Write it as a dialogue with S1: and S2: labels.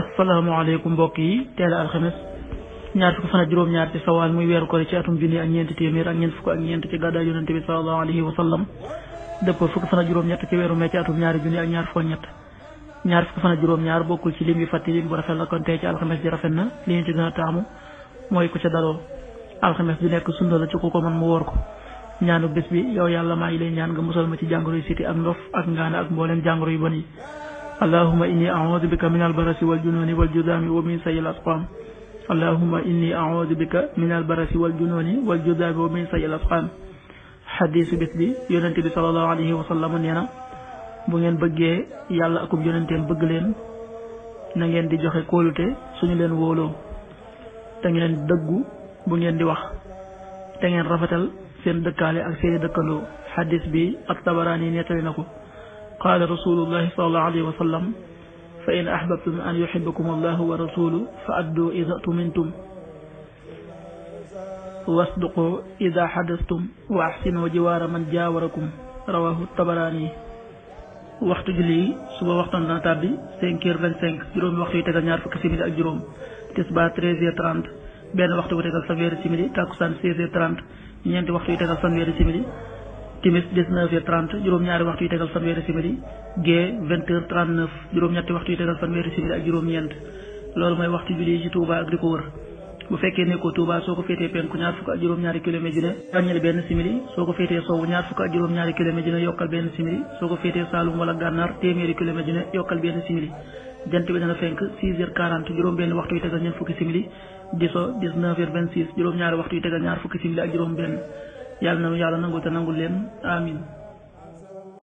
S1: asalaamaaleykum mbokk yi teel a alxames ñaar fukki fan juróom-ñaar ci sawaal muy weeru koor ci atum junni ak ñeenti téeméer ak ñeent fukk ak ñeent ci gàddaay yonent bi sallallahu alayhi wa sallam dëppoo fukki fan juróom-ñett ci weeru mee ci atum ñaari junni ak ñaar fukk ak ñett ñaar fukki fan juróom-ñaar bokkul ci lim bi fàtti lim bu rafet la kon tey ci alxames ji rafet na li ñu ci gën a taamu mooy ku ca daloo alxames bi nekk sunna la ci ku ko mën mu woor ko ñaanu bés bi yow yàlla maa ngi lay ñaan nga musal ma ci jàngoro yu siti ak ndof ak ngaana ak mbooleem jàngoro yu bon allahuma inni audu bika min albarasi waljunooni waljudaami wa min sayil asqaam allahuma inni audu bika min albarasi waljunooni waljudaami wa min sayil asqaam xadiisu bis bi yonent bi sallallahu alayhi wa sallam nee na bu ngeen bëggee yàlla akub yonenteem bëgg leen na ngeen di joxe kóolute suñu leen wóoloo te ngeen dëggu bu ngeen di wax te ngeen rafetal seen dëkkaale ak seeni dëkkandoo xadis bi at tabaraani nettali na ko qaala rasulullahi sallallahu alayhi wa sallam fa in ahbabtum an yuhibbakum allahu wa rasuluhu fa addu ida tumintum wasduqu ida xadastum wa axsinu jiwaara man jaawarakum rawahu tabaraani waxtu julli suba waxtaan dana tàbbi cinq heures vingt cinq juróomi waxtu yu tegal ñaar fukki simili ak juróom tisbaar treize heures trente benn waxtu bu tegal fanweeri simili takkusaan seize heures trente ñeenti waxtu yu tegal fanweeri simili timis 19 heures 30 juróom-ñaari waxtu yu tegal fanweeri simili gée 20 heures 39 juróom-ñetti waxtu yu tegal fanweeri simili ak juróom-ñeent loolu mooy waxtu julli yi ci Touba ak di ko wër bu fekkee ne ko Touba soo ko féetee penku ñaar fukk ak juróom-ñaari kilomètre ju ne wàññil benn simili soo ko féetee sowwu ñaar fukk ak juróom-ñaari kilomètre ju ne yokkal benn simili soo ko féetee Saalum wala Gànnaar téeméeri kilomètre ju ne yokkal benn simili jant bi dana fenk 6 heures 40 juróom benn waxtu yu tegal ñeent fukki simili di so 19 heures 26 juróom-ñaari waxtu yu tegal ñaar fukki simili ak juróom benn yàlla na yàlla nangu te nangu leen amin